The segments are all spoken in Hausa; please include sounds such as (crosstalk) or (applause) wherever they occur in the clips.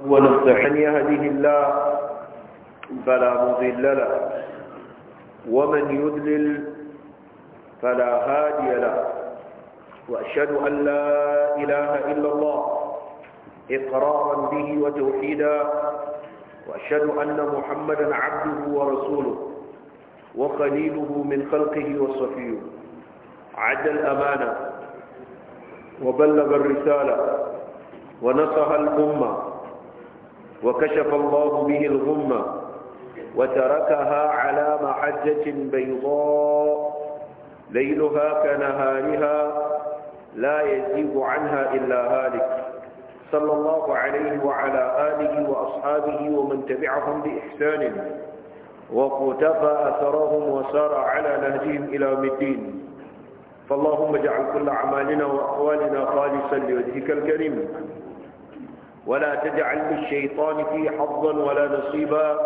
ونصح يهده الله فلا مضل له ومن يذلل فلا هادي له وأشهد أن لا إله إلا الله إقرارا به وتوحيدا وأشهد أن محمدا عبده ورسوله وخليله من خلقه وصفيه عد الأمانة وبلغ الرسالة ونصح الأمة وكشف الله به الغمة وتركها على محجة بيضاء ليلها كنهارها لا يزيغ عنها إلا هالك صلى الله عليه وعلى آله وأصحابه ومن تبعهم بإحسان وقتفى أثرهم وسار على نهجهم إلى مدين فاللهم اجعل كل أعمالنا وأقوالنا خالصا لوجهك الكريم ولا تجعل للشيطان في حظا ولا نصيبا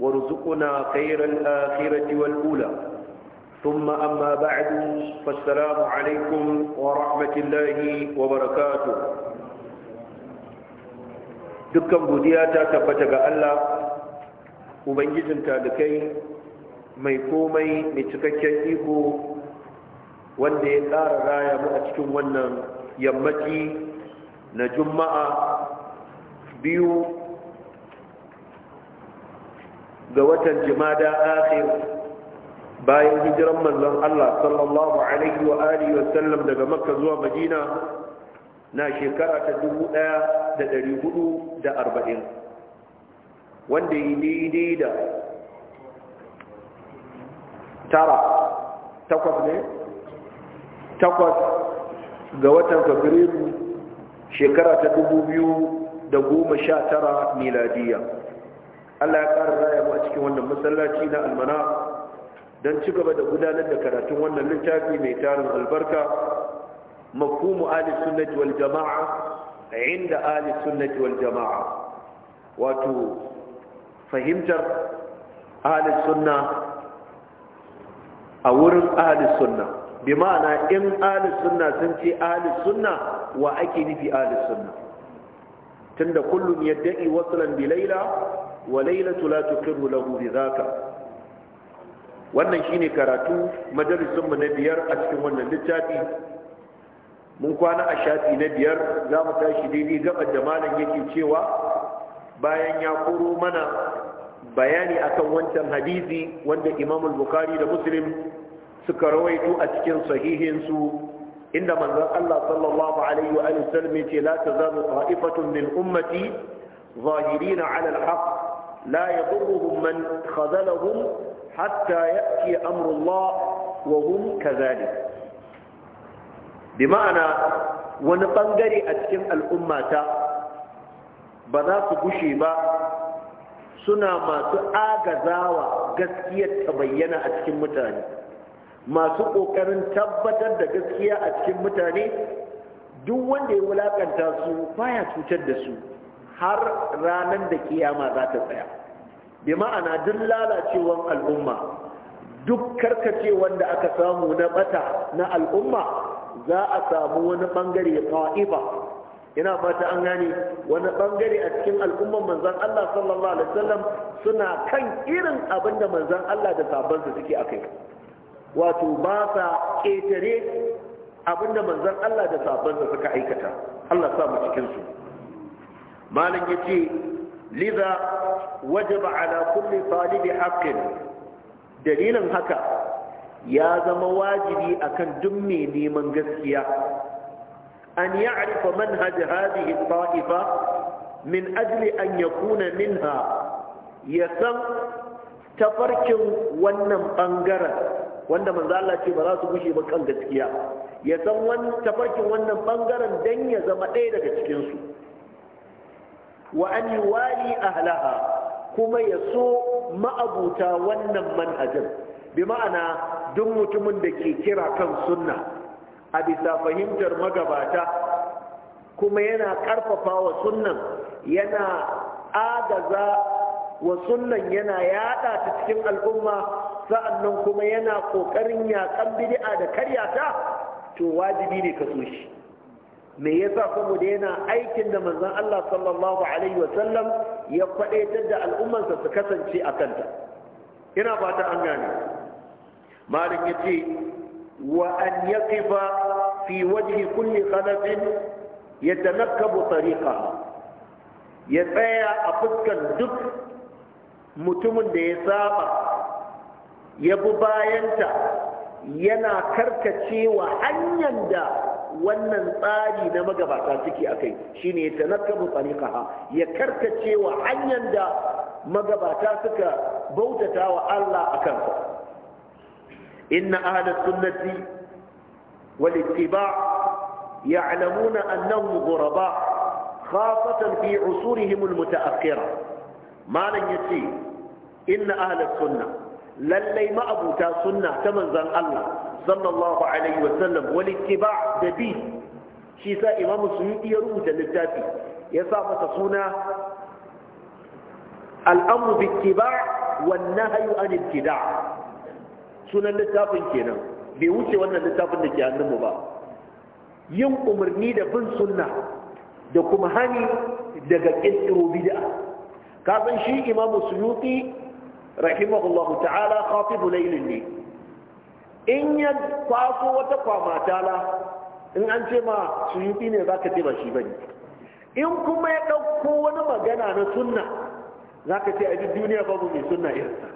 وارزقنا خير الآخرة والأولى ثم أما بعد فالسلام عليكم ورحمة الله وبركاته دكم بودياتا تفتغ ألا أبنجز تالكي ميكومي متككيه وانده الآر رايا مؤتكم وانا يمتي na juma'a biyu ga watan jimada akhir bayan hijiran manzon Allah sallallahu alaihi wa alihi wa sallam daga makka zuwa madina na shekara ta 1440 wanda yi daidai da tara takwas ne takwas ga watan fabrairu shekara ta dubu biyu da goma sha tara miladiya Allah ya ƙara raya mu a cikin wannan masallaci na almana don ci gaba da gudanar da karatun wannan littafi mai tarin albarka mafhumu ahli sunnati wal jama'a inda ahli sunnati wal jama'a wato fahimtar Ali sunna a wurin Ali sunna bi ma'ana in Ali sunna sun ce ahli sunna wa ake nufi ahlus sunna tunda kullum yadda'i waslan bi laila wa lailatu la tuqirru lahu bi dhaka wannan shine karatu majalisun mu na biyar a cikin wannan littafi mun kwana a shafi na biyar za mu tashi daidai gabar da malam yake cewa bayan ya koro mana bayani akan wancan hadisi wanda imam al-bukhari da muslim suka rawaito a cikin sahihinsu inda manzon Allah sallallahu alaihi wa sallam yace la tazalu qa'ifatun min ummati zahirin ala al-haq la yadurruhum man khazalahum hatta ya'ti amru Allah wa hum kadhalik wani bangare a cikin al'ummata ba za su gushe ba suna masu agazawa gaskiyar ta bayyana a cikin mutane masu ƙoƙarin tabbatar da gaskiya a cikin mutane duk wanda ya wulakanta su baya cutar da su har ranar da kiyama za ta tsaya bi ma'ana duk lalacewan al'umma duk karkace wanda aka samu na bata na al'umma za a samu wani bangare fa'ifa ina fata an gane wani bangare a cikin al'umman manzan Allah sallallahu alaihi wasallam suna kan irin abinda da manzan Allah da sabansa suke akai wato ba sa ƙetare abinda manzan Allah da sabansa suka aikata Allah sa mu cikin su malam yace liza wajaba ala kulli talibi haqqin dalilin haka ya zama wajibi akan kan mai neman gaskiya an ya'rifa manhaj hadhihi ta'ifa min ajli an ya kuna minha ya san tafarkin wannan ɓangaren. wanda manzo Allah ce ba za su gushe ba kan gaskiya ya san wani tafarkin wannan bangaren dan ya zama ɗaya daga cikin su wa an yuwali ahlaha kuma ya so ma'abuta wannan manhajin bi ma'ana duk mutumin da ke kira kan sunna a bisa fahimtar magabata kuma yana ƙarfafa wa sunnan yana agaza wa sunnan yana yada ta cikin al'umma sa'annan kuma yana ƙoƙarin yakan bid'a da karyata to wajibi ne ka so shi me yasa saboda yana aikin da manzon Allah sallallahu alaihi wa sallam ya kwadaitar da al'ummarsa su kasance a kanta ina fata an gane malik yace wa an yaqifa fi wajhi kulli khalafin yatanakkabu tariqa ya tsaya a fuskan duk mutumin da ya saba ya bi bayanta yana karkacewa hanyar da wannan tsari na magabata suke a kai shine ya tanakkabu tsariƙaha ya karkacewa hanyar da magabata suka bautata wa Allah a kansa inna ahlus sunnati wal ittiba' ya'lamuna annahum ghuraba' خاصة في عصورهم المتأخرة ما لن يتي إن أهل السنة lallai ma'abuta sunna ta manzan Allah sallallahu alaihi wasallam wal da bi shi sa imamu suyuti ya rubuta littafi ya sa suna al'amru bi ittiba wan nahyu an sunan littafin kenan bai wuce wannan littafin da ke hannunmu ba yin umarni da bin sunna da kuma hani daga kirkiro bid'a ka shi imamu suyuti rahimahullahu ta'ala khatibu laylin ne in ya kwaso wata kwamatala in an ce ma suyuti ne za ka ce ba shi ba ne in kuma ya ɗauko wani magana na sunna za ka ce a duk duniya babu mai sunna irinsa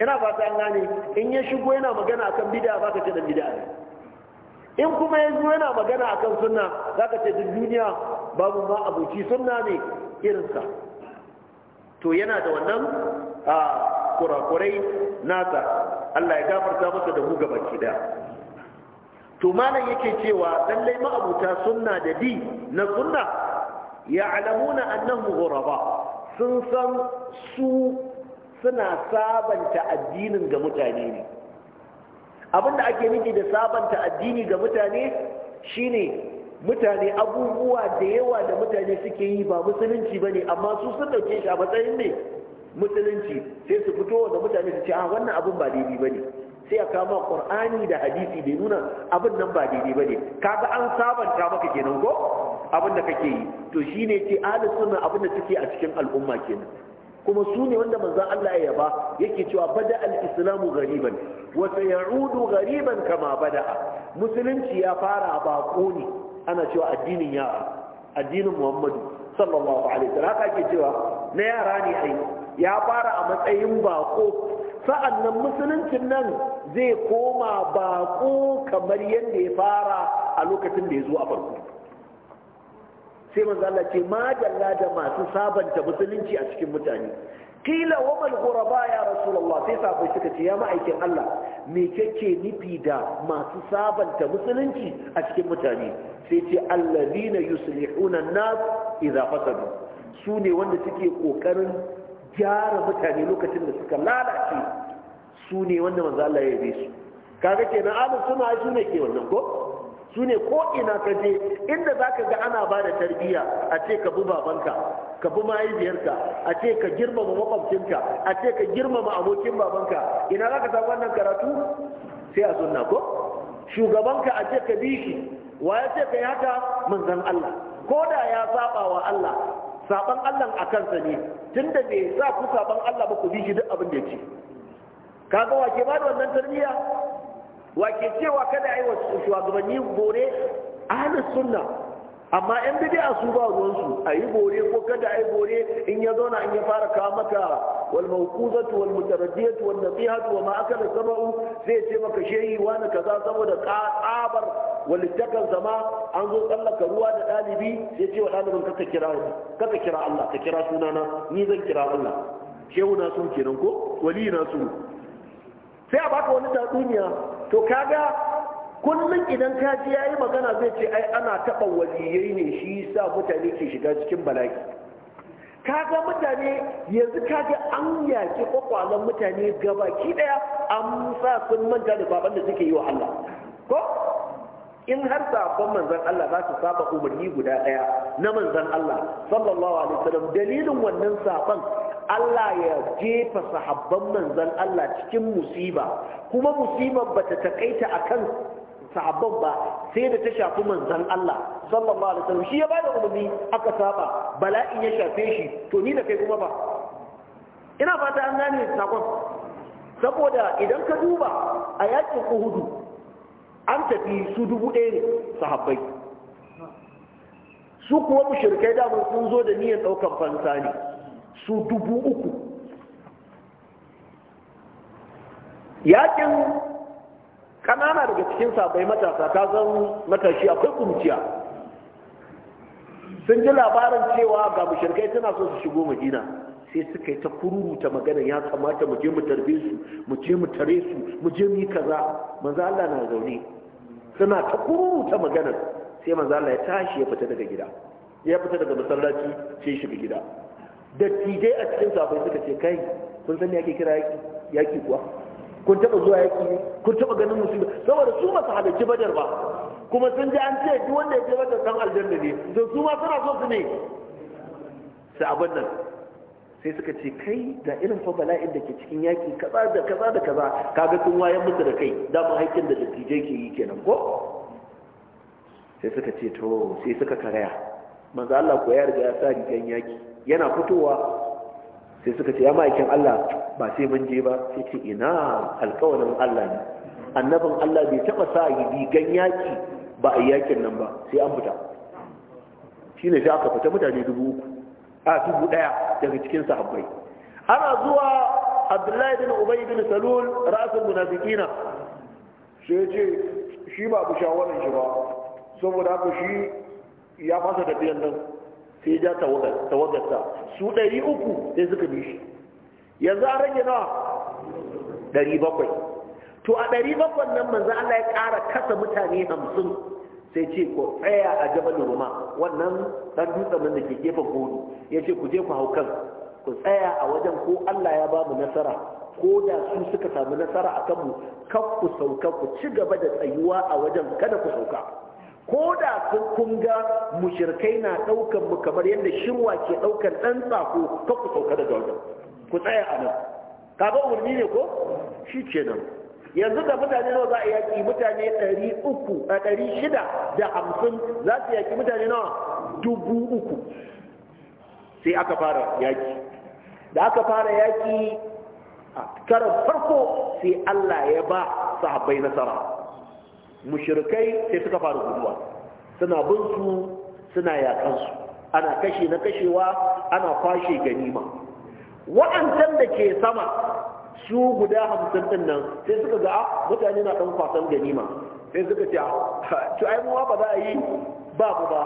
ina fata an gane in ya shigo yana magana akan bid'a ka ce da bid'a ne in kuma ya zo yana magana akan sunna za ka ce duniya babu ma abuci sunna ne irinsa to yana da wannan a kurakurai nasa Allah ya gafarta masa da mu baki da. to malam yake cewa lallai ma'abuta sunna da di na sunna ya'lamuna annahu ghuraba sun san su suna sabanta addinin ga mutane ne abinda ake nufi da sabanta addini ga mutane shine mutane abubuwa da yawa da mutane suke yi ba musulunci bane amma su sun dauke shi a matsayin ne musulunci sai su fito da mutane su ce a ah, wannan abin ba daidai ba ne sai a kama qur'ani da hadisi bai nuna abin nan ba daidai ba ne kaga an sabanta maka kenan ko abin da kake yi to shi shine ce alis suna abin da suke a cikin al'umma kenan kuma su ne wanda manzon Allah ya yaba yake cewa bada al-islamu ghariban wa sayaudu ghariban kama bada? musulunci ya fara bako ne ana cewa addinin ya addinin Muhammadu sallallahu alaihi wasallam haka ke cewa na yara ne ai ya fara a matsayin bako nan musuluncin nan zai koma bako kamar yadda ya fara a lokacin da ya zo a farko sai manzo Allah ce madalla da masu sabanta musulunci a cikin mutane kila wa mal ghuraba ya rasulullah sai sabo suka ce ya ma'aikin Allah me kake nufi da masu sabanta musulunci a cikin mutane sai ce allazina yuslihuna an-nas idza fasadu su ne wanda suke kokarin gyara mutane lokacin da suka lalace su ne wanda manzo Allah ya yabe su kaga kenan abu suna ai su ne ke wannan ko su ne ko ina ka je inda zaka ga ana ba da tarbiyya a ce ka bi babanka ka bi mahaifiyarka a ce ka girmama makwabcinka a ce ka girmama abokin babanka ina zaka samu wannan karatu sai a sunna ko shugabanka a ce ka bi shi wa ya ce ka yi haka manzon Allah ko da ya saba wa Allah saban Allah a kansa ne tunda bai za ku saban Allah ba ku bi shi duk abin da yake kaga wake ba da wannan tarbiyya wake cewa kada ai wasu shugabanni gore ahlus sunna amma yan bid'a su ba ruwansu a yi bore ko kada a yi bore in ya zauna in ya fara kawo maka wal mawquzatu wal mutaraddiyatu wal nasihatu wa ma akala sab'u sai ce maka shehi wani kaza saboda tsabar walittakan zama an zo tsallaka ruwa da dalibi sai ce wa dalibin ka kira kaka kira Allah ka kira sunana ni zan kira Allah shehu na sun kenan ko wali na sun sai a baka wani tatsuniya to kaga kullum idan ka ji yayi magana zai ce ai ana taɓa waliyai ne shi yasa mutane ke shiga cikin bala'i kaga mutane yanzu kaga an yaki kwakwalen mutane gabaki daya an sa sun manta da baban da suke yi wa Allah ko in har sabon manzon Allah za su saba umarni guda ɗaya na manzon Allah sallallahu alaihi wasallam dalilin wannan sabon Allah ya jefa sahabban manzon Allah cikin musiba kuma musibar bata takaita akan sahabban ba sai da ta shafi manzan Allah sallallahu alaihi wasallam shi ya bada umarni aka saba bala'in ya shafe shi to ni da kai kuma ba ina fata an gane sakon saboda idan ka duba a yakin Uhudu an tafi su dubu ɗaya ne sahabbai su kuwa mushrikai da sun zo da niyyar ɗaukar fansa ne su dubu uku yakin kanana daga cikin sabai matasa ta zan matashi akwai kumciya sun ji labarin cewa ga mushrikai suna so su shigo madina sai suka yi ta kururuta magana ya kamata mu je mu tarbe su mu je mu tare su mu je mu yi kaza manzo Allah na zaune suna ta kururuta magana sai manzo Allah ya tashi ya fita daga gida ya fita daga masallaci sai shiga gida dattijai a cikin sabai suka ce kai kun san me ake kira yaki yaki kuwa kun taba zuwa yaki kun taba ganin musulmi saboda su masu halarci badar ba kuma sun ji an ce duk wanda ya ce badar dan aljanna ne to su ma suna so su ne sai abin nan sai suka ce kai da irin fa bala'in da ke cikin yaki kaza da kaza da kaza kaga sun wayan musu da kai mu haikin da dattijai ke yi kenan ko sai suka ce to sai suka karaya manzo Allah ko ya riga ya sa rigan yaki yana fitowa sai suka ce ya ma'aikin Allah ba sai mun je ba sai ce ina alkawarin Allah ne annabin Allah bai taba sa yi gan yaki ba a yakin nan ba sai an fita Shi sai aka fita mutane dubu uku a dubu daya daga cikin sahabbai ana zuwa Abdullahi bin Ubay bin Salul rasul munafiqina sai ce shi ba bu shawaran shi ba saboda haka shi ya fasa tafiyan nan sai ya ja tawagarsa su ɗari uku sai suka bi shi yanzu an rage nawa ɗari bakwai to a ɗari bakwai nan manzo Allah ya ƙara kasa mutane hamsin sai ce ko tsaya a jabal ruma wannan ɗan dutsen nan da ke gefen kudu ya ce ku je ku hau kan ku tsaya a wajen ko Allah ya ba mu nasara ko da su suka samu nasara a kanmu kan ku sauka ku ci gaba da tsayuwa a wajen kada ku sauka ko da kun ga mushirkai na ɗaukan mu kamar yadda shirwa ke ɗaukan ɗan tsako kan ku sauka daga wajen ku tsaya a nan kaga umarni ne ko shi nan. yanzu da mutane nawa za a yaki mutane ɗari uku a ɗari shida da hamsin za su yaki mutane nawa dubu uku sai aka fara yaki da aka fara yaki a karan farko sai Allah ya ba sahabbai nasara Mushirikai sai suka fara guduwa suna bin su suna yakan ana kashe na kashewa ana kwashe ganima wa'ancan da ke sama su guda hamsin ɗin nan sai suka ga ah, mutane na ɗan kwasan ganima sai suka ce ah, to aimuwa ba za a yi babu ba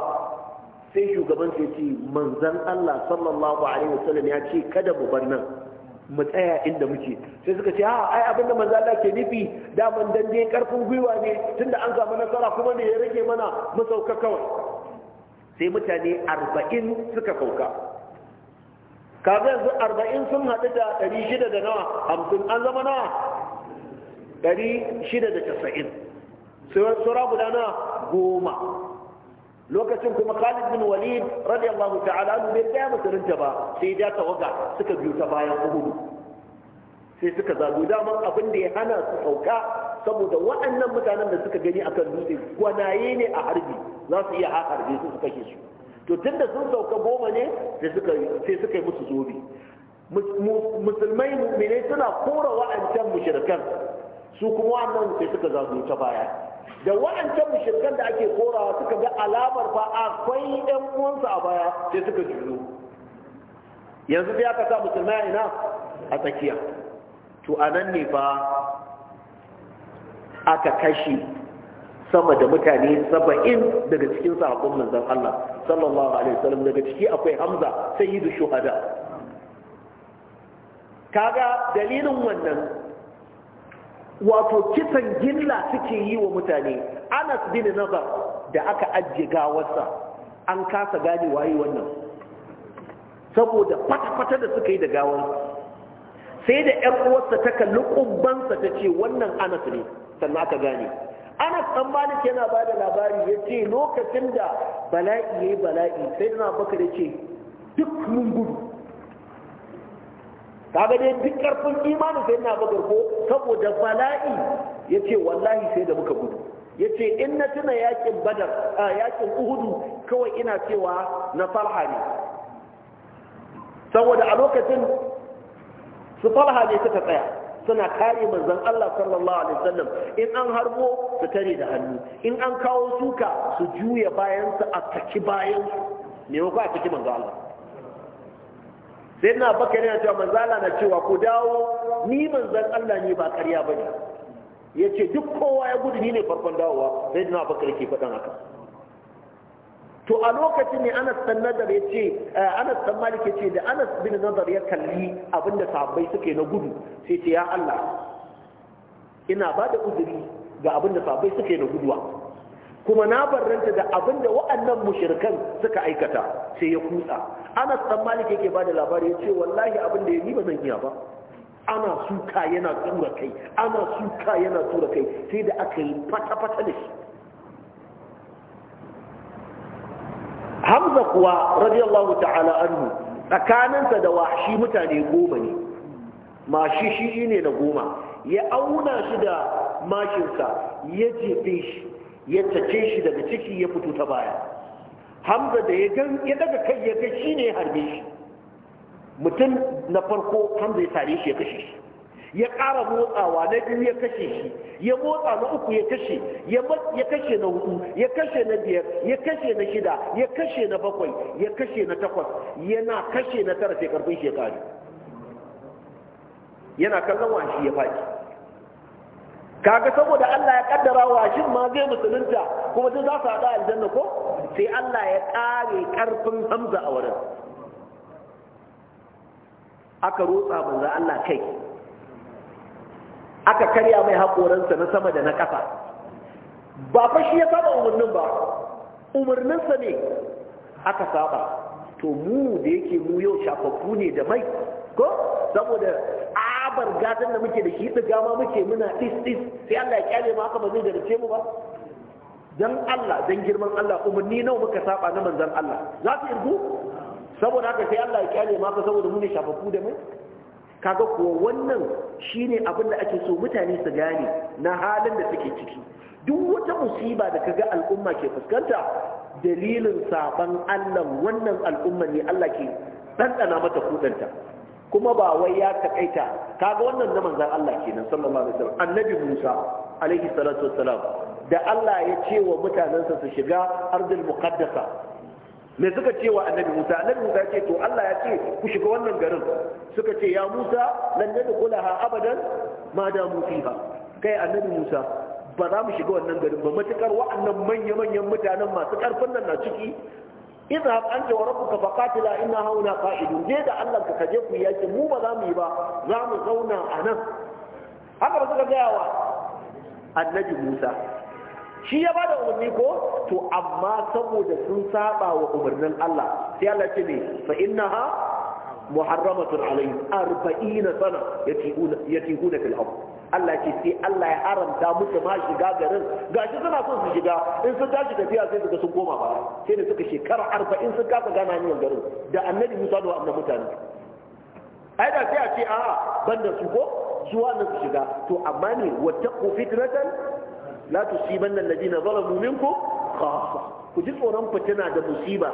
sai shugaban sai ce manzan Allah sallallahu alaihi wasallam ya ce kada mu bar nan mu tsaya inda muke sai suka ce ha ah, ai abin da Allah ke nufi da man dan karfin gwiwa ne tunda an samu nasara kuma ne ya rage mana mu sauka kawai sai mutane arba'in suka sauka kaga yanzu arba'in sun haɗu da ɗari shida da nawa hamsin an zama nawa ɗari shida da casa'in sura guda nawa goma lokacin kuma khalid bin walid radiyallahu ta'ala anhu bai tsaya musulunta ba sai ya tawaga suka biyu ta bayan uhudu sai suka zago daman abin da ya hana su sauka saboda waɗannan mutanen da suka gani akan dutse gwanaye ne a harbi za su iya harbe su su kashe su to da sun sauka goma ne sai suka yi musu zobe musulmai mummine suna kora wa'ancan mushrikan su kuma wannan sai suka zazo ta baya da wa'ancan mushrikan da ake korawa suka ga alamar fa akwai 'yan uwansu a baya sai suka juyo yanzu sai aka sa musulmai ina a tsakiya to a nan ne fa aka kashe sama da mutane saba'in daga cikin sahabban manzon Allah sallallahu alaihi wasallam daga ciki akwai hamza sayyidu shuhada kaga dalilin wannan wato kisan gilla suke yi wa mutane anas bin nazar da aka ajiye gawarsa an kasa gane waye wannan saboda kwata-kwata da suka yi da gawar sai da ƴar uwarsa ta kalli ƙubbansa ta ce wannan anas ne sannan aka gane anas an malik yana ba da labari ya ce lokacin da bala'i ya yi bala'i sai na baka ya ce duk mun gudu ga dai duk karfin imanin sai na bakar ko saboda bala'i ya ce wallahi sai da muka gudu ya ce in na tuna yakin badar a yakin uhudu kawai ina cewa na farha ne saboda a lokacin su farha ne suka tsaya suna kare manzon Allah sallallahu alaihi wasallam in an harbo su tare da hannu in an kawo suka su juya bayan su a taki bayan su me ko a taki manzon Allah sai na baka ne cewa manzon Allah na cewa ku dawo ni manzon Allah ne ba ƙarya bane yace duk kowa ya gudu ni ne farkon dawowa sai na baka ke faɗan haka to a lokacin ne Anas dan Nadar ya ce eh, Anas dan Malik ya ce da Anas bin nazar ya kalli abinda sahabbai suke na gudu sai ce ya Allah ina ba da uzuri ga abinda sahabbai suke na guduwa kuma na barranta da abinda wa'annan mushrikan suka aikata sai ya kutsa Anas dan Malik yake ba da labari ya ce wallahi abinda ya yi ba zan iya ba ana suka yana tura kai ana suka yana tura kai sai da aka yi fata-fata da shi kuwa radiyallahu ta'ala anhu tsakaninsa da washi mutane goma ne mashi shi ne na goma ya auna shi da mashinsa ya jefe shi ya tace shi daga ciki ya fito ta baya hamza da ya gan ya daga kai ya kai shi ne ya harbe shi mutum na farko hamza ya tare shi ya kashe shi ya ƙara motsawa na biyu ya kashe shi ya motsa na uku ya kashe ya kashe na hudu ya kashe na biyar ya kashe na shida ya kashe na bakwai ya kashe na takwas yana kashe na tara sai karfin shekaru yana kallon washi ya faki. kaga saboda Allah ya kaddara washin ma zai musulunta kuma duk za su haɗa aljanna ko sai Allah ya ƙare ƙarfin Hamza a wurin aka rotsa manzo Allah kai aka karya mai haƙoransa na sama da na ƙasa ba fa shi ya saba umarnin ba umarninsa ne aka saba to mu da yake mu yau shafaffu ne da mai ko saboda abar gadon da muke da shi ɗiga ma muke muna ɗis ɗis sai Allah ya kyale mu haka ba zai darace mu ba dan Allah dan girman Allah umarni nawa muka saba na manzon Allah za su irgu saboda haka sai Allah ya kyale mu haka saboda mu ne shafaffu da mai kaga kuwa wannan shine abin da ake so mutane su gane na halin da suke ciki duk wata musiba da kaga al'umma ke fuskanta dalilin saban Allah wannan al'umma ne Allah ke ɗanɗana mata kudanta kuma ba wai ya takaita kaga wannan na manzan Allah kenan sallallahu alaihi wasallam annabi Musa alaihi salatu wassalam da Allah ya ce wa mutanansa su shiga ardul muqaddasa me suka ce wa annabi musa annabi musa ya ce to allah ya ce ku shiga wannan garin suka ce ya musa lan da abadan ma damu fiha kai annabi musa ba za mu shiga wannan garin ba matukar wa'annan manya-manyan mutanen masu karfin nan na ciki idhab anta wa rabbuka faqatila inna hauna qa'idun je da Allah ka kaje ku yaki mu ba za mu yi ba za mu zauna a nan haka ba suka gaya wa annabi Musa shi ya ba da umarni ko to amma saboda sun saba wa umarnin Allah sai Allah ce ne fa innaha muharramatun alayhim 40 sana yatihuna fil ardh Allah ce sai Allah ya haramta musu ma shiga garin gashi suna son su shiga in sun tashi tafiya sai suka sun koma ba sai da suka shekara arba'in sun kasa gana hanyar garin da annabi Musa da wannan mutane ai da sai a ce a'a banda su ko zuwa wannan su shiga to amma ne wata fitnatan la tusibanna alladhina zalamu minkum khassa ku ji tsoron fitina da musiba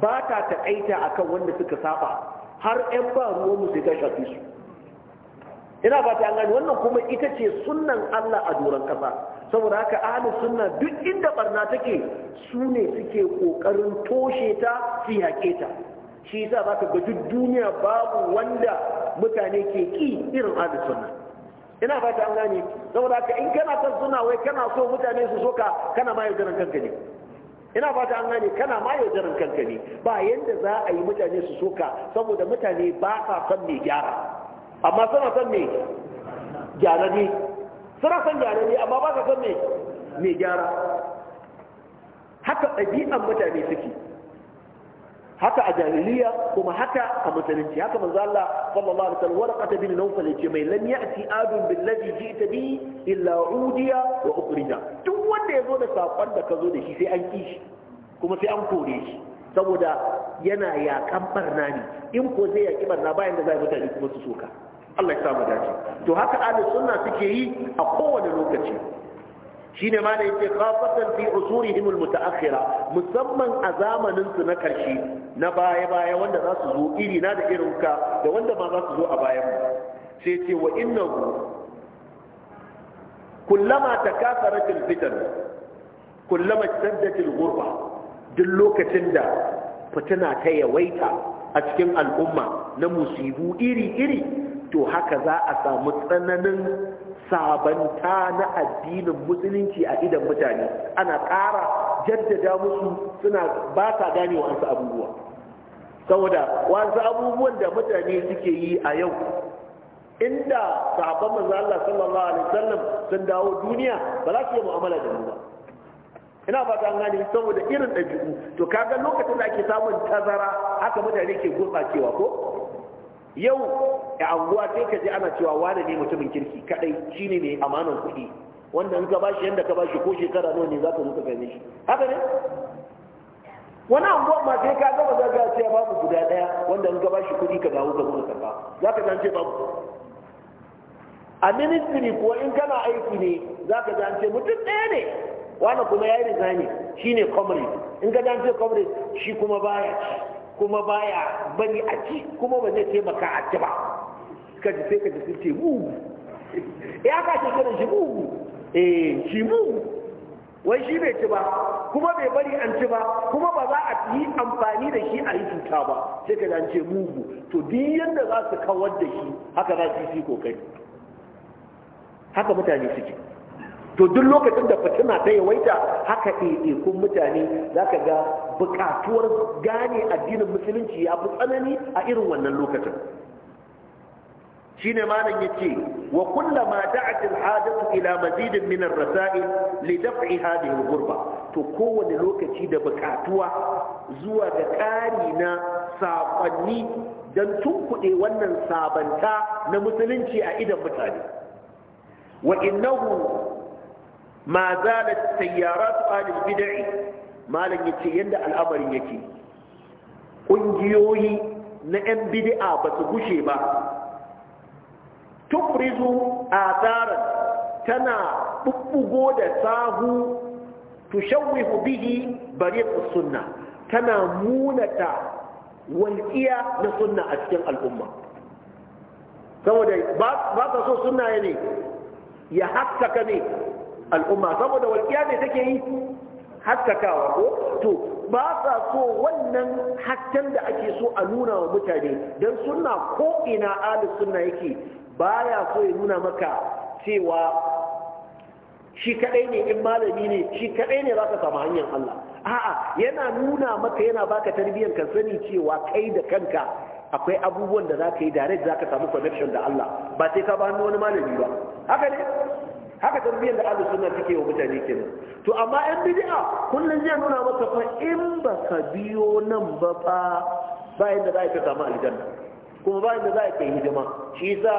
ba ta takaita akan wanda suka saba har ɗan ba ruwan mu sai ta shafe su ina ba ta gani wannan kuma ita ce sunnan Allah a doron kasa saboda haka ahli sunna duk inda barna take su ne suke kokarin toshe ta su yaƙe ta shi yasa zaka ga duk duniya babu wanda mutane ke ki irin ahli sunna ina ba ta an gane saboda ka in kana kan suna wai kana so mutane su so ka kana ma yaudaran kanka ne ina ba ta an gane kana ma yaudaran kanka ne ba yanda za a yi mutane su so ka saboda mutane ba sa son mai gyara amma suna son mai gyara ne suna son gyara ne amma ba sa son mai gyara haka ɗabi'an mutane suke haka a jahiliya kuma haka a musulunci haka manzo Allah sallallahu alaihi wasallam warqata bin nawfal yace mai lam ya'ti adun billazi ji'ta bi illa udiya wa ukhrija duk wanda yazo da sakon da ka zo da shi sai an shi kuma sai an kore shi saboda yana yakan barna ne in ko zai yaki na bayan da zai mutane kuma su soka Allah ya samu dace to haka ahlus sunna suke yi a kowane lokaci shine ma da yake khafatan fi usurihim almutaakhira musamman a zamanin su na karshe na baya baya wanda za su zo iri na da irin ka da wanda ma za su zo a bayan sai ce wa innahu kullama takasarat alfitan kullama saddat alghurba duk lokacin da fitina ta yawaita a cikin al'umma na musibu iri iri to haka za a samu tsananin sabanta na addinin musulunci a idan mutane ana ƙara jaddada musu suna ba sa gane wasu abubuwa saboda wasu abubuwan da mutane suke yi a yau inda sahabban manzo Allah sallallahu alaihi wasallam sun dawo duniya ba za su yi mu'amala da mu ba ina fata ta gane saboda irin ɗabi'u to kaga lokacin da ake samun tazara haka mutane ke gurɓacewa ko yau a anguwa sai ka je ana cewa wane ne mutumin kirki kadai shine ne amanan kuɗi wanda in ka bashi yanda ka bashi ko shekara nawa ne za ka zo ka gane shi haka ne wani anguwa ma sai ka gaba za ka ce babu guda daya wanda in ka bashi kuɗi ka dawo ka zo ka karba za ka gance babu a ministry kuwa in kana aiki ne za ka gance mutum ɗaya ne wani kuma ya yi rizani shine comrade in ka gance comrade shi kuma baya ci kuma baya bari a ci kuma ba zai taimaka a ci ba ka ji sai ka ji sun ce mugu ya ka ce kiran shi mugu eh shi mugu wai shi bai ci ba kuma bai bari an ci ba kuma ba za a yi amfani da shi a yi cuta ba sai ka ce mugu to duk yadda za su kawar da shi haka za su yi kokari haka mutane suke to duk lokacin da fitina ta yawaita haka ɗaiɗaikun mutane za ka ga buƙatuwar gane addinin musulunci ya fi tsanani a irin wannan lokacin shine malam yace wa kulla da'at al-hadatu ila mazidin min ar-rasail li daf'i hadhihi al-ghurba to kowane lokaci da buƙatuwa zuwa ga ƙari na saƙonni don tunkuɗe wannan sabanta na musulunci a idan mutane wa innahu ma zalat sayyarat alil bid'i malam yace yanda al'amarin yake kungiyoyi na yan bid'a ba su gushe ba tufrizu azaran tana bubbugo da sahu tushawihu bihi bariq sunna tana munata walƙiya na sunna a cikin al'umma saboda ba ta so sunna ya ne ya haskaka ne al'umma saboda walƙiya ne take yi haskakawa ko to ba sa so wannan hasken da ake so a nuna wa mutane don suna ko ina alis sunna yake ya so ya nuna maka cewa shi kadai ne in malami ne shi kadai ne za ka samu hanyar Allah a'a yana nuna maka yana baka tarbiyyar ka sani cewa kai da kanka akwai abubuwan da za ka yi direct za ka samu connection da Allah ba sai ka ba wani malami ba haka ne haka tarbiyyar da ahlus sunna suke wa mutane kenan to amma yan bid'a kullum zai nuna maka fa in baka biyo nan ba fa bayan da za ka samu aljanna kuma bayan da za ka yi hidima shi yasa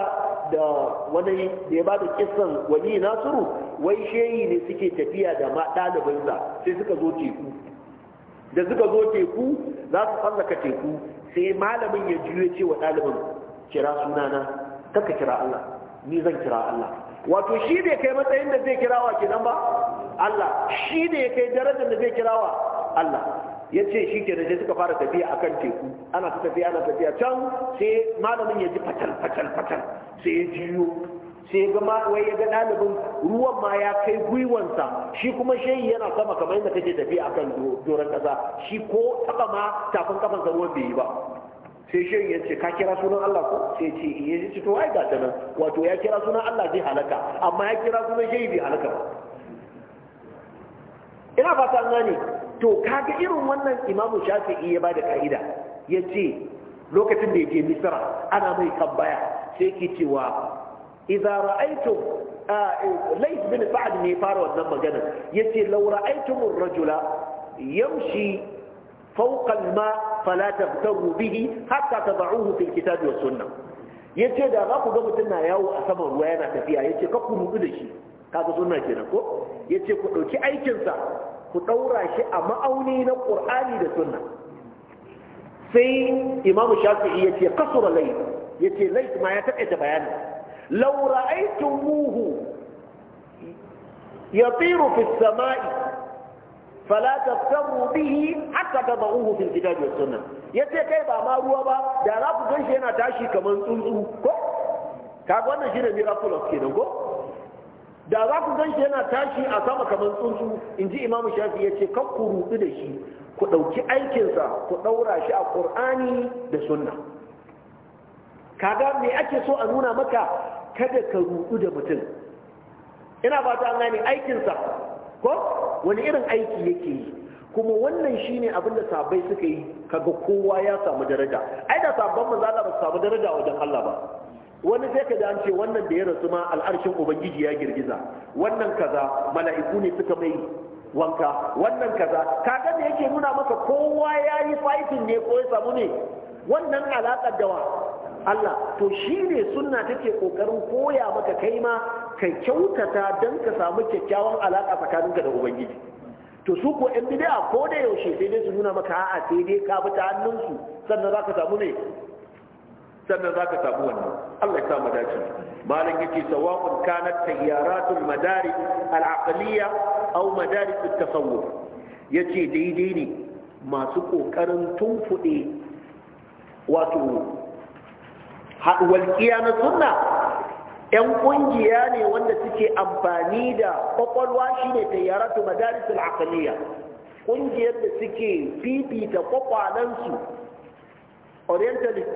da wani da ya ba da kissan wani nasiru wai shehi ne suke tafiya da ma ɗalibansa sai suka zo teku da suka zo teku za su tsallaka teku sai malamin ya juye ce wa ɗalibin kira sunana kaka kira Allah ni zan kira Allah wato shi ne kai matsayin da zai kirawa kenan ba Allah shi ne ya kai darajar da zai kirawa Allah ya ce shi ke sai suka fara tafiya akan teku ana ta tafiya ana tafiya can sai malamin ya ji fatal fatal fatal sai ya jiyo sai ya ga wai ya ga ɗalibin ruwan ma ya kai gwiwansa shi kuma shehi yana sama kamar yadda kake tafiya akan doron kasa shi ko taba ma tafin kafansa ruwan bai yi ba sai shi ya ce ka kira sunan Allah ko sai ce eh. ya ce to ai ga nan wato ya kira sunan Allah zai halaka amma ya kira sunan shi bai halaka ba ina fata an gane to kaga irin wannan imamu shafi'i ya bada ka'ida ya ce lokacin da yake misra ana mai tambaya sai ke cewa idza ra'aytum eh, lais bin sa'd ne fara wannan magana yace law ra'aytum ar-rajula yamshi فوق الماء فلا تغتروا به حتى تضعوه في الكتاب والسنة yace da za ku ga mutum na yawo a saman ruwa yana tafiya yace ka ku rubu da shi kaga sunna kenan ko ce ku ɗauki aikin sa ku ɗaura shi a ma'auni na ƙur'ani da sunna sai Imam Shafi'i yace kasura Ya ce lay ma ya taɓa ta bayani law ra'aytumuhu yatiru fi samai fala taftaru bihi hatta tadahu fil kitab was sunnah yace kai ba ma ruwa ba da za ku ganshi yana tashi kaman tsuntsu ko kaga wannan shine miraculous kenan ko da za ku ganshi yana tashi a sama kaman tsuntsu inji imamu shafi yace kan ku rudu da shi ku dauki aikin sa ku daura shi a qur'ani da sunna kaga me ake so a nuna maka kada ka rudu da mutum ina fata an gani aikin sa ko wani irin aiki yake yi kuma wannan shine abin da sabai suka yi kaga kowa ya samu daraja ai da sabban manzo Allah ba samu daraja wajen Allah ba wani sai ka an ce wannan da ya rasu ma al'arshin ubangiji ya girgiza wannan kaza mala'iku ne suka mai wanka wannan kaza kaga da yake nuna maka kowa ya yi fighting ne ko ya samu ne wannan alaƙar dawa Allah to shi ne sunna take kokarin koya maka kai ma ka kyautata don ka samu kyakkyawan alaƙa tsakaninka da ubangiji to su ko yan bidiya ko da yaushe sai dai su nuna maka a'a sai dai ka bi ta hannunsu sannan ka samu ne sannan ka samu wannan Allah ya sa mu dace malam yace sawa'un kanat tayyaratul madari al-aqliyya aw madari at ya yace daidai ne masu kokarin tumfude wato ƙiya na suna, yan ƙungiya ne wanda suke amfani da ƙwaƙwalwa shine tayyaratu madarisul akaliya ƙungiyar da suke fifita ƙwaƙwalansu orientalist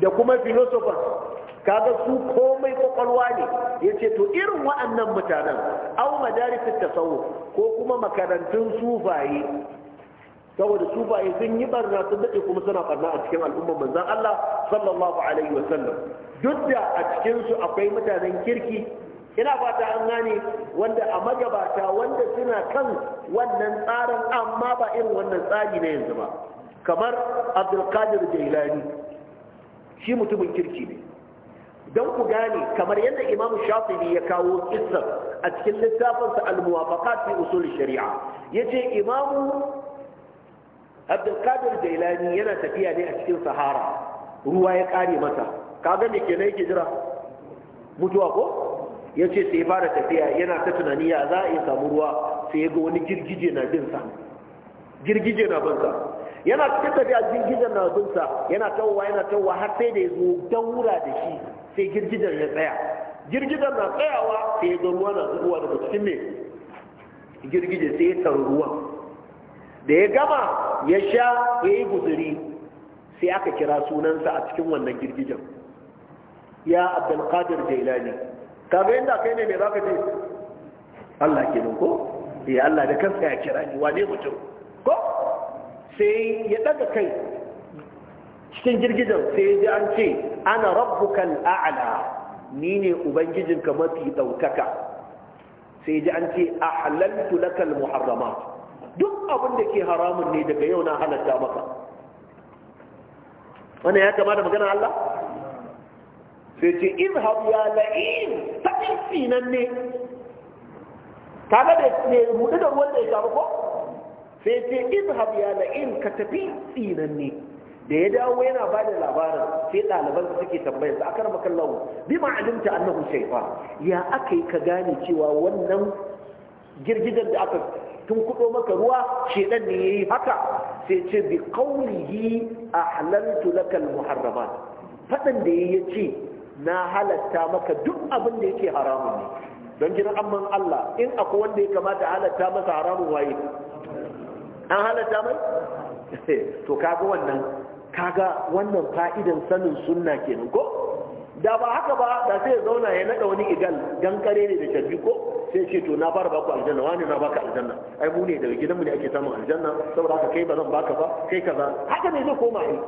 da kuma philosophers kaga su komai ƙwaƙwalwa ne ya ce to irin waɗannan mutanen au ta tasawuf ko kuma makarantun sufaye saboda su ba sun yi barna sun daɗe kuma suna barna a cikin al'ummar manzan Allah sallallahu alaihi wa sallam duk da a cikinsu akwai mutanen kirki ina fata an gane wanda a magabata wanda suna kan wannan tsarin amma ba irin wannan tsari na yanzu ba kamar abdulkadir jailani shi mutumin kirki ne don ku gane kamar yadda imamu shafi'i ya kawo kissar a cikin littafinsa al-muwafaqat fi usul shari'a yace imamu abdulkadir jailani yana tafiya ne a cikin sahara ruwa ya kare masa kaga me kenan yake jira mutuwa ko ya ce sai fara tafiya yana ta tunani ya za a iya samu ruwa sai ya ga wani girgije na bin sa girgije na bin sa yana cikin tafiya girgije na bin sa yana tawwa yana tawwa har sai da ya zo daura da shi sai girgijen ya tsaya girgijen na tsayawa sai ya ga ruwa na zubowa daga cikin ne girgije sai ya taru ruwa. da ya gama ya sha ya yi guzuri sai aka kira sunansa a cikin wannan girgijen ya abdulkadir jailani kaga yadda kai ne mai za ka ce allah kenan ko ya eh, allah da kansa ya kira ni wane mutum ko sai ya daga kai cikin girgijen sai ya ji an ce ana rabbukan a'ala ni ne ubangijinka mafi ɗaukaka sai ya ji an ce a halaltu lakal muharramat duk abin da ke haramun ne daga yau na halatta maka wannan ya kama da magana Allah sai ce ya la'in ta tsinan ne Ta da ne rudu da ruwan da ya shafi ko sai ce ya la'in ka tafi tsinan ne da ya dawo yana ba da labarin sai ɗaliban su suke tambayar su akar makallahu bi ma'alimta annahu shaifa ya aka yi ka gane cewa wannan girgizar da aka tunkuɗo maka ruwa shedan ne yayi haka sai ce bi qawlihi ahlaltu laka almuharramat fadan da yayi ce na halatta maka duk abin da yake haramun ne don gidan amman Allah in akwai wanda ya kamata halatta masa haramun waye an halatta mai (laughs) to kaga wannan kaga wannan fa'idan sanin sunna kenan ko da ba haka ba da sai ya zauna ya naɗa wani igal dan kare ne da sharbi ko sai ce to na fara baku aljanna wani na baka aljanna ai mu ne daga gidanmu ne ake samun aljanna saboda haka kai ba zan baka ba kai kaza haka ne zai koma ai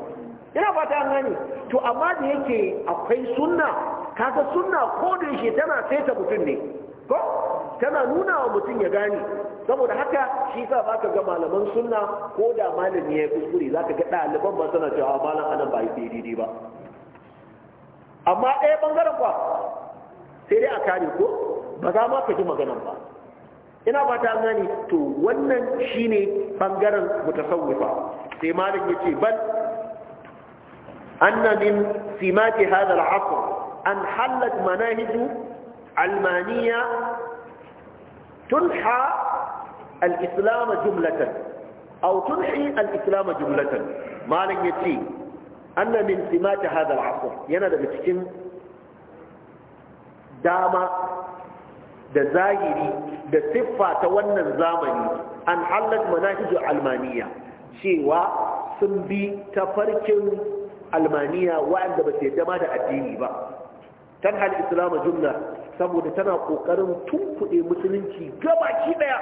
ina fata an gane to amma da yake akwai sunna kaga sunna ko da yake tana saita mutum ne ko tana nuna wa mutum ya gane saboda haka shi sa baka ga malaman sunna ko da malami ya kuskure zaka ga ɗaliban ba suna cewa ah, malam anan ba yi daidai ba amma ɗaya ɓangaren kwa sai dai a kare ko ba za ma ka ji maganan ba ina ba ta gani to wannan shine ɓangaren mutasawwifa sai malam yace bal anna min simati hadha al-asr an halat manahij almaniya تنحى الإسلام جملة أو تنحي الإسلام جملة ما لن يتي anna min simati hadha al yana daga cikin dama da zahiri da siffa ta wannan zamani an halal manahij almaniya cewa sun bi tafarkin almaniya wa'anda ba su yadda da addini ba Tan hal islamu jumla saboda tana kokarin tunkuɗe musulunci gabaki daya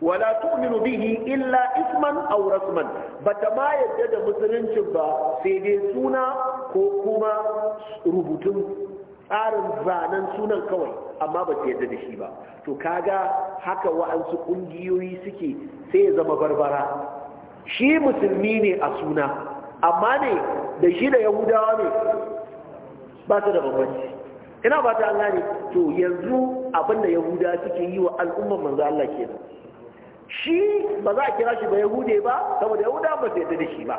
wala tu'minu bihi illa isman aw rasman bata ma yadda da musulunci ba sai dai suna ko kuma rubutun tsarin zanen sunan kawai amma ba ta yadda da shi ba to kaga haka wa'ansu kungiyoyi suke sai ya zama barbara shi musulmi ne a suna amma ne da shi da yahudawa ne ba ta da bambanci ina ba ta an gane to yanzu abinda yahudawa suke yi wa al'ummar manzo Allah kenan shi ba za a kira shi ba yahude ba saboda yahuda ba su yadda da shi ba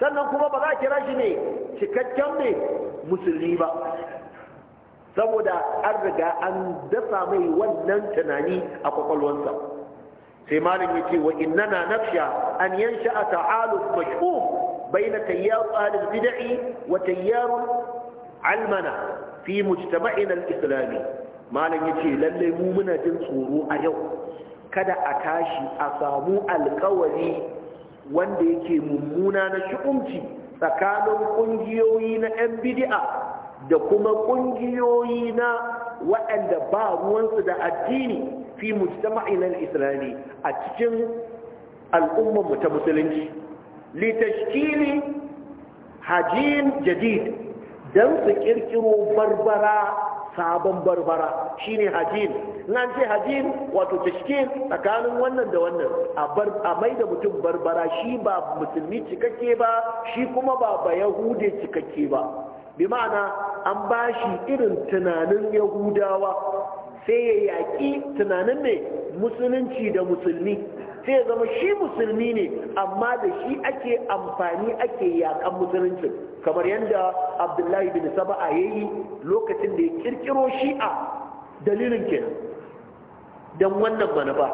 sannan kuma ba za a kira shi ne cikakken ne musulmi ba saboda an riga an dasa mai wannan tunani a kwakwalwansa sai malam ya ce wa na nafsha an yansha a ta'aluf mashhum baina tayyar alil bida'i wa tayyar almana fi mujtama'ina al-islami malam ya ce lallai mu muna jin tsoro a yau kada a tashi a samu alkawari wanda yake mummuna na shi'umci tsakanin ƙungiyoyi na 'yan bidi'a da kuma ƙungiyoyi na waɗanda ba ruwansu da addini fi mujtama'in islami a cikin al'ummarmu ta musulunci litashkili hajin jadid don su kirkiro barbara sabon barbara shine hajin nan ce hajin wato tashkin tsakanin wannan da wannan a mai da mutum barbara shi ba musulmi cikakke ba shi kuma ba ba yahude cikakke ba bi ma'ana an ba shi irin tunanin yahudawa sai ya yaƙi tunanin ne musulunci da musulmi sai zama shi musulmi ne amma da shi ake amfani ake yakan musulunci kamar yadda abdullahi bin saba'a ya yi lokacin da ya kirkiro shi'a dalilin kenan don wannan manufa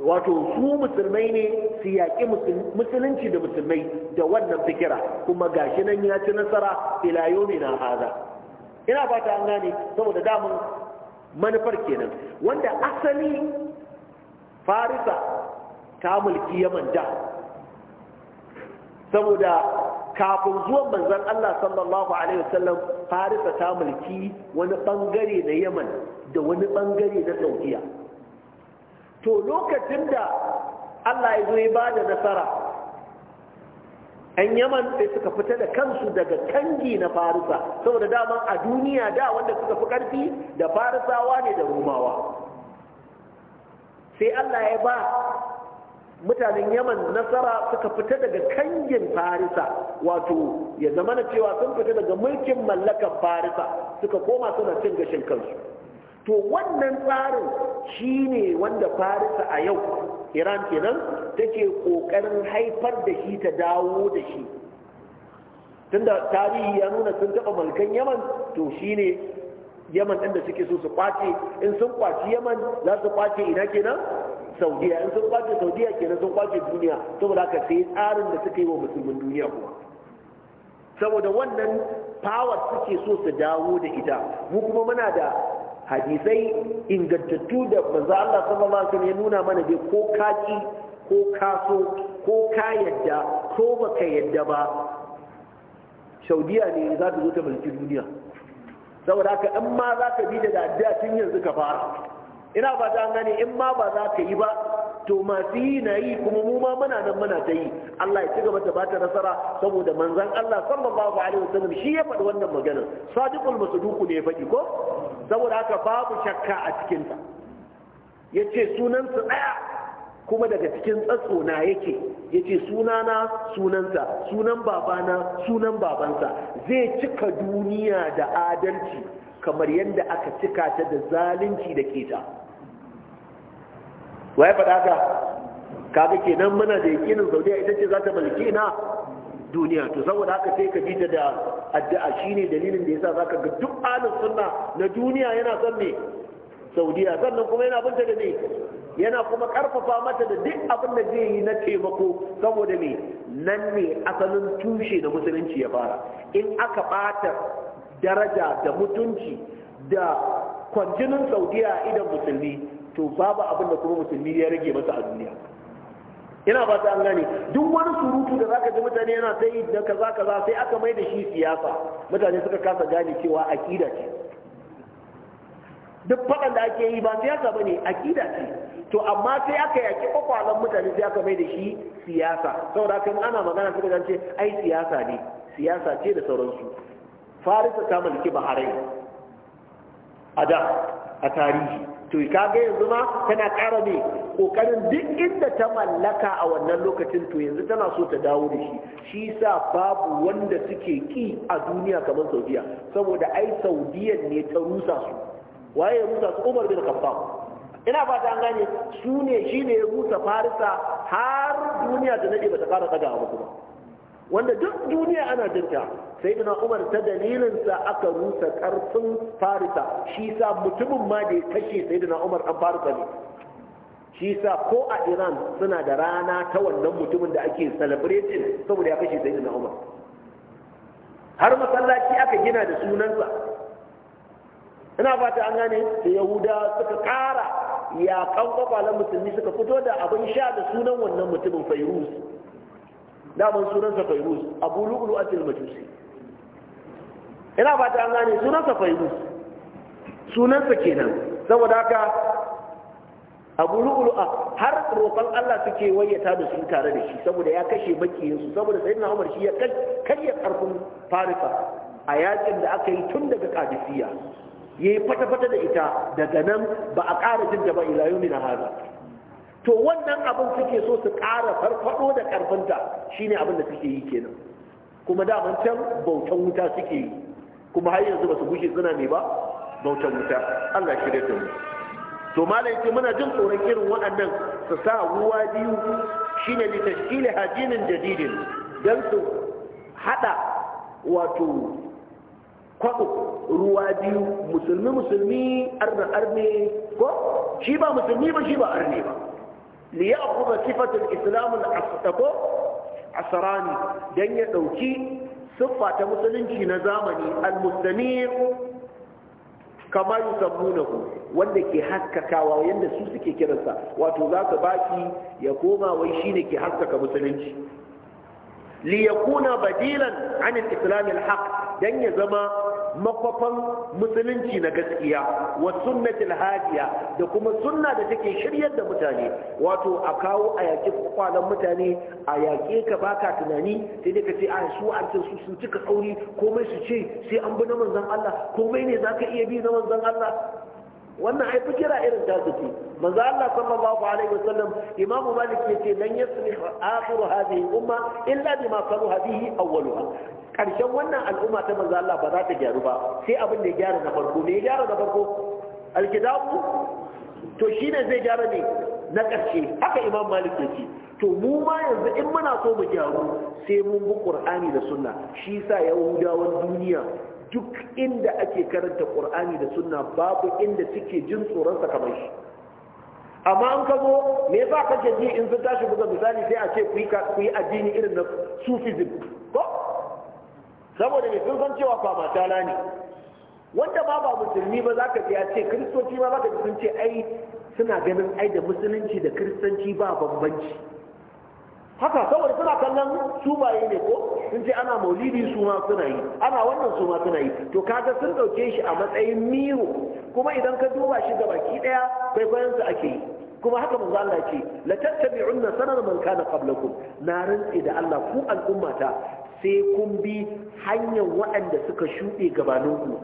wato su musulmai ne su yaƙi musulunci da musulmai da wannan fikira kuma gashi nan ya ci nasara ilayo ne na haza ina fata an gane saboda damun manufar kenan wanda asali farisa ta mulki yaman da saboda kafin zuwan manzon Allah sallallahu alaihi wasallam farisa ta mulki wani bangare na yaman da wani bangare na saudiya to lokacin da Allah ya zo ya ba da nasara an yaman sai suka fita da kansu daga kangi na farisa saboda daman a duniya da wanda suka fi karfi da farisawa ne da rumawa sai Allah ya ba mutanen yaman nasara suka fita daga kangin farisa wato ya zama na cewa sun fita daga mulkin mallakan farisa suka koma suna cin gashin kansu to wannan tsarin shine wanda farisa a yau iran kenan take kokarin haifar da shi ta dawo da shi tunda tarihi ya nuna sun taɓa mulkan yaman to shine yaman ɗin da suke so su kwace in sun kwace yaman za su kwace ina kenan saudiya in sun kwace saudiya kenan sun kwace duniya saboda haka sai tsarin da suka yi wa musulmin duniya kuma saboda wannan power suke so su dawo da ita mu kuma muna da hadisai ingantattu da manzo Allah sallallahu alaihi wasallam ya nuna mana dai ko kaki ko kaso ko ka yadda ko baka yadda ba saudiya ne za ta zo ta mulki duniya saboda haka in ma za ka bi da addu'a tun yanzu ka fara ina ba ta gane in ma ba za ka yi ba to masu yi na yi kuma mu ma muna nan muna ta yi Allah ya ci gaba da bata nasara saboda manzon Allah sallallahu alaihi wasallam shi ya faɗi wannan magana sadiqul masduq ne ya faɗi ko saboda haka babu shakka a cikin ta yace sunan su daya kuma daga cikin tsatso na yake yace sunana sunansa sunan babana sunan babansa zai cika duniya da adalci kamar yadda aka cika ta da zalunci da keta ya faɗa ka kaga kenan muna da yakinin saudiya ita ce za ta mulke na duniya to saboda haka sai ka bita da addu'a shi ne dalilin da yasa zaka ga duk alin sunna na duniya yana son ne saudiya sannan kuma yana binta da ne yana kuma karfafa mata da duk abin da zai yi na taimako saboda me nan ne asalin tushe da musulunci ya fara in aka bata daraja da mutunci da kwanjinin saudiya idan musulmi to babu abin da kuma musulmi ya rage masa a duniya ina ba ta gane duk wani surutu da zaka ji mutane yana ta yi da kaza kaza sai aka mai da shi siyasa mutane suka kasa gane cewa akida ce duk faɗan da ake yi ba siyasa bane akida ce to amma sai aka yaki kwakwalon mutane sai aka mai da shi siyasa saboda kan ana magana suka zance ai siyasa ne siyasa ce da sauransu farisa ta mulki baharai a da a tarihi to kaga yanzu ma tana ƙara ne ƙoƙarin duk inda ta mallaka a wannan lokacin to yanzu tana so ta dawo da shi shi sa babu wanda suke ki a duniya kamar saudiya saboda ai saudiyan ne ta rusa su waye rusa su umar bin khattab ina ba ta gane su ne shi ne ya rusa farisa har duniya da ta ba ta fara kada abu kuma wanda duk duniya ana jinta sai ina umar ta dalilinsa aka rusa karfin farisa shi sa mutumin ma da ya kashe sai ina umar an farisa ne shi sa ko a iran suna da rana ta wannan mutumin da ake celebrating saboda ya kashe sai ina umar har masallaci aka gina da sunansa ina fata an gane da yahuda suka kara kan kwakwalen musulmi suka fito da abin sha da sunan wannan mutumin fairuz daman sunansa fairuz abu lu'ulu atil majusi ina ba ta gane sunansa fairuz sunansa kenan saboda haka abu lu'ulu a har roƙon Allah suke wayyata da su tare da shi saboda ya kashe bakiyinsu saboda sayyidina Umar shi ya karya karfin Farisa a yakin da aka yi tun daga kadisiyya ya yi fata-fata da ita daga nan ba a ƙara jinta ba ilayu na haza to wannan abin suke so su ƙara farfado da ƙarfinta shine abin da suke yi kenan kuma daman can bautan wuta suke yi kuma har yanzu ba su gushe suna ne ba bautan wuta Allah shi da mu to malai ce muna jin tsoron irin waɗannan su sa ruwa biyu shine li tashkili hajinin jadidin don su haɗa wato kwabo ruwa biyu musulmi musulmi arna arne ko shi ba musulmi ba shi ba arne ba li ya'khudha sifatu al islamun al-asdaqo asrani dan ya dauki siffa ta musulunci na zamani al-mustamir na ku wanda ke haskakawa yanda su suke kiransa wato za su baki ya koma wai shine ke haskaka musulunci Liyakuna yakuna badilan an al-islam al-haq dan ya zama makwafan musulunci na gaskiya wa sunnatul hadiya da kuma sunna da take shiryar da mutane wato a kawo a yaƙi kwalan mutane a yaƙe ka baka tunani sai dai ka ce a su an ce su sun cika tsauri komai su ce sai an bi na manzon Allah komai ne zaka iya bi na manzon Allah wannan ai fikira irin ta ce manzo Allah sallallahu alaihi wasallam imamu malik yace lan yasmih akhir hadhihi umma illa bima qalu hadhihi awwaluha karshen wannan al'umma ta manzo Allah ba za ta gyaru ba sai abin da ya gyara na farko ne ya gyara na farko alkitabu to shine zai gyara ne na ƙarshe haka imam malik yace to mu ma yanzu in muna so mu gyaru sai mun bi qur'ani da sunna shi sa yahudawan duniya duk inda ake karanta ƙur'ani da sunna babu inda suke jin tsoron sa kamar shi amma an ka zo me yasa kake ji in sun tashi buga misali sai a ce ku yi addini irin na sufism ko saboda ne sun san cewa tala ne wanda ma ba musulmi ba za ka ji a ce kiristoci ma za ka ji sun ce ai suna ganin ai da musulunci da kiristanci ba bambanci haka saboda suna kallon subaye ne ko sun ce ana maulidi su ma suna yi ana wannan su ma suna yi to kaga sun dauke shi a matsayin miro kuma idan ka duba shi ga baki daya kwaikwayon sa ake yi kuma haka manzo Allah ce la tattabi'unna sanar man kana qablakum na rantsi da Allah ku al'ummata sai kun bi hanyar waɗanda suka shuɗe gabaninku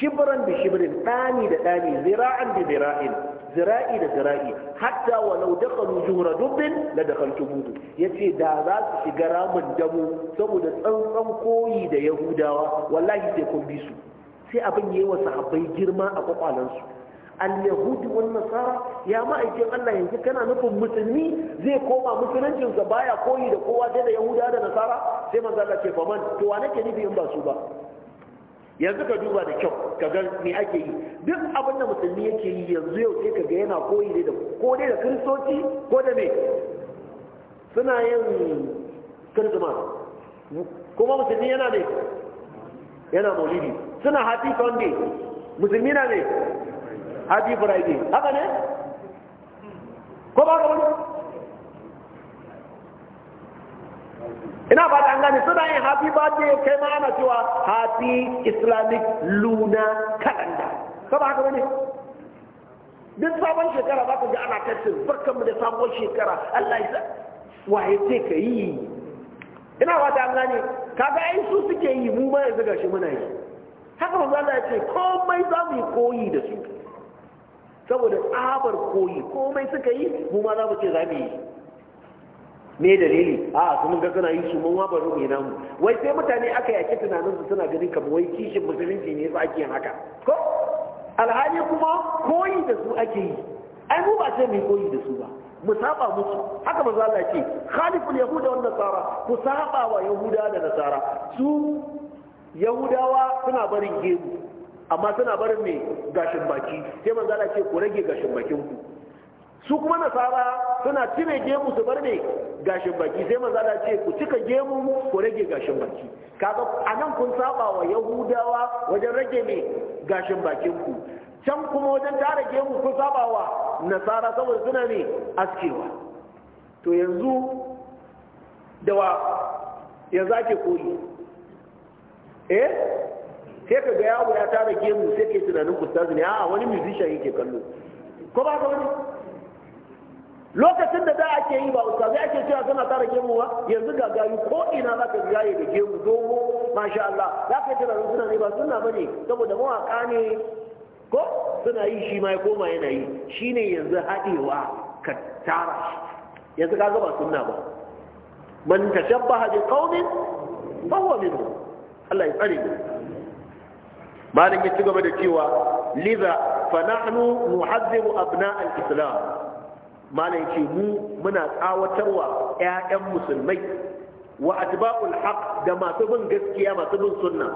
shibran bi shibrin dani da dani zira'an bi zira'in zira'i da zira'i hatta walau dakalu juhra dubbin la dakhaltumuhu yace da za su shiga ramin damu saboda tsantsan koyi da yahudawa wallahi sai kun bi su sai abin yayi wa sahabbai girma a kwakwalansu al yahudi wal nasara ya ma'aikin Allah yanzu kana nufin musulmi zai koma musuluncinsa sa baya koyi da kowa sai da yahuda da nasara sai manzo Allah ce faman to wa nake nufi in ba su ba yanzu ka duba da kyau ka ga me ake yi duk abin da musulmi yake yi yanzu yau sai ka ga yana koyi da ko dai da kristoci ko da me suna yin kirismas kuma musulmi yana ne yana maulidi suna happy sunday musulmi na ne happy friday haka ne ko ba ka wani ina ba da gane suna yin happy birthday kai ma ana cewa happy islamic lunar calendar ba haka ne? duk sabon shekara za ka ga ana kashin barkan mu da sabon shekara Allah ya waye ce ka yi ina ba da gane kaga ai su suke yi mu ma yanzu gashi muna yi haka ba Allah ya ce komai za mu yi koyi da su saboda tsabar koyi komai suka yi mu ma za mu ce za mu yi me dalili a sun ga suna yi su mun wa baro ne namu wai sai mutane aka yaki tunanin su suna ganin kamar wai kishin musulunci ne su ake yin haka ko alhali kuma koyi da su ake yi ai mu ba sai mai koyi da su ba mu saba musu haka maza Allah ce khaliful yahuda wan nasara ku saba wa yahuda da nasara su yahudawa suna barin gemu amma suna barin me gashin baki sai manzo Allah ce ku rage gashin bakin ku su kuma nasara suna cire gemu su bar ne gashin baki sai da ce ku cika gemu ku rage gashin baki kaga nan kun saba wa yahudawa wajen rage ne gashin bakin ku can kuma wajen tara gemu kun saba wa nasara saboda suna ne askewa to yanzu da wa yanzu ake koyi eh sai ka ga yawo ya tara gemu sai ke tunanin ustaz ne a'a wani musician yake kallo ko ba ka wani lokacin da za a ke yi ba ustazi ake cewa suna tara gemu ba yanzu ga gayu ko ina zaka ji yayi da gemu dogo masha Allah Za zaka ji ranar suna ne ba suna ba ne, saboda mawaka ne ko suna yi shi ma ya koma yana yi shi ne yanzu haɗewa ka tara yanzu kaga ba suna ba man tashabbaha bi qaumin fa huwa minhum Allah ya tsare mu Malamin ya ci gaba da cewa liza fa nahnu nuhazzibu abna al-islam malam ce mu muna tsawatarwa 'ya'yan musulmai wa atba'ul haq da masu bin gaskiya masu bin sunna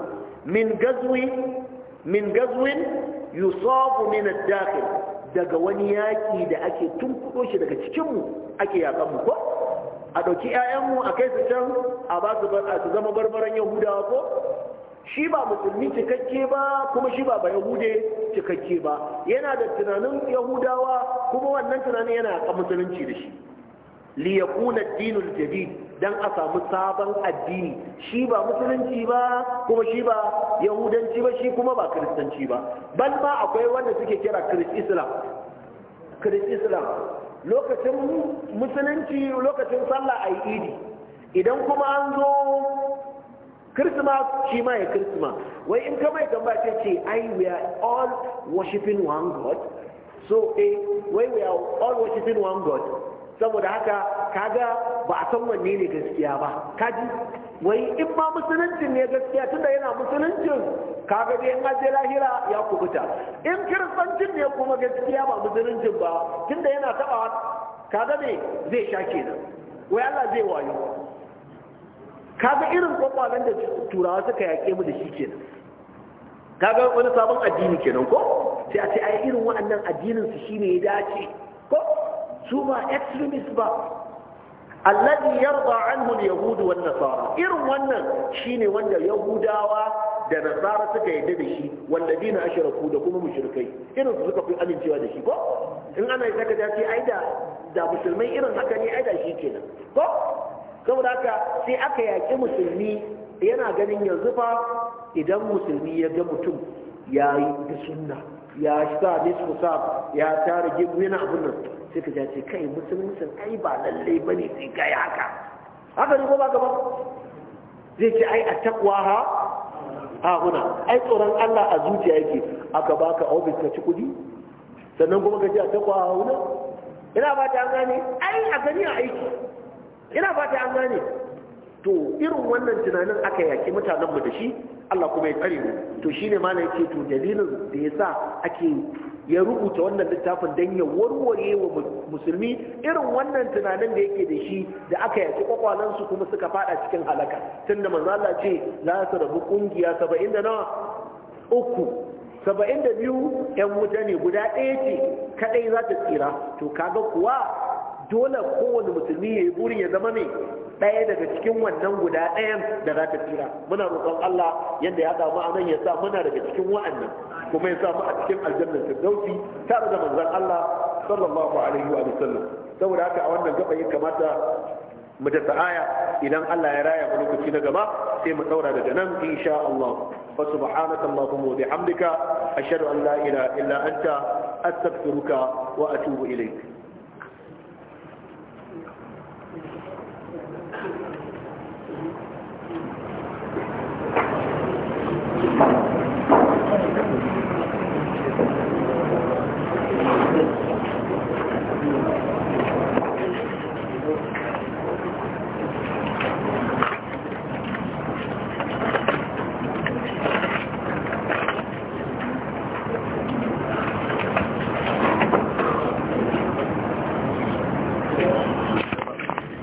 min gazwi min gazwin yusabu min ad-dakhil daga wani yaki da ake tunkudo shi daga cikin mu ake yakan mu ko a dauki 'ya'yan mu a kai su can a ba su zama barbaran yahudawa ko shi ba musulmi cikakke ba kuma shi ba ba yahude cikakke ba yana da tunanin yahudawa kuma wannan tunanin yana a musulunci da shi li yakuna dinul jadid dan a samu sabon addini shi ba musulunci ba kuma shi ba yahudanci ba shi kuma ba kiristanci ba Ban ma akwai wanda suke kira kirist islam kirist islam lokacin musulunci lokacin sallah ayi idi idan kuma an zo kirsima shi ma ya kirsima wai in ka mai gamba ta ce ai we are all worshiping one God so eh wai we are all worshiping one God saboda haka kaga ba a san wanne ne gaskiya ba kaji wai in ma musuluncin ne gaskiya tunda yana musuluncin kaga dai in aje lahira ya kubuta in kiristancin ne kuma gaskiya ba musuluncin ba tunda yana taba kaga ne zai sha kenan wai Allah zai wayo kaga irin kwakwalen da turawa suka yaƙe mu da shi kenan kaga wani sabon addini kenan ko sai a ce ai irin waɗannan addinin su shine ya dace ko su ba extremist ba alladhi yarda anhu al-yahud wan nasara irin wannan shine wanda yahudawa da nasara suka yarda da shi walladina ashraku da kuma mushrikai irin su suka fi amincewa da shi ko in ana yi saka da ai da da musulmai irin haka ne ai da shi kenan ko saboda haka sai aka yaƙi musulmi yana ganin yanzu fa idan musulmi ya ga mutum ya yi da sunna ya sa su sa ya tara gibu yana abin nan sai ka jace kai sun ai ba lallai ne sai ka yi haka haka ne ko ba gaba zai ce ai a takwa ha a huna ai tsoron Allah a zuciya yake aka baka ofis ka ci kudi sannan kuma ka ce a takwa ha huna ina ba ta gane ai a gani a aiki ina fata an gane to irin wannan tunanin aka yaki mutanenmu da shi Allah kuma ya tsare mu to shine ma yake to dalilin da yasa ake ya rubuta wannan littafin dan ya warware wa musulmi irin wannan tunanin da yake da shi da aka yaki kwakwalan su kuma suka fada cikin halaka tunda manzo Allah ce za su rabu kungiya 70 da nawa uku 72 yan wuta ne guda ɗaya ce kadai za ta tsira to kaga kuwa dole kowane musulmi ya yi burin ya zama ne ɗaya daga cikin wannan guda ɗayan da za ta tsira muna roƙon Allah yadda ya samu a nan ya sa muna daga cikin wa'annan kuma ya samu a cikin aljannar firdausi tare da manzon Allah sallallahu alaihi wa sallam saboda haka a wannan gaba ya kamata mu da idan Allah ya raya mu lokaci na gaba sai mu daura daga nan insha Allah fa subhanaka allahumma wa bihamdika ashhadu an la ilaha illa anta astaghfiruka wa atubu ilayk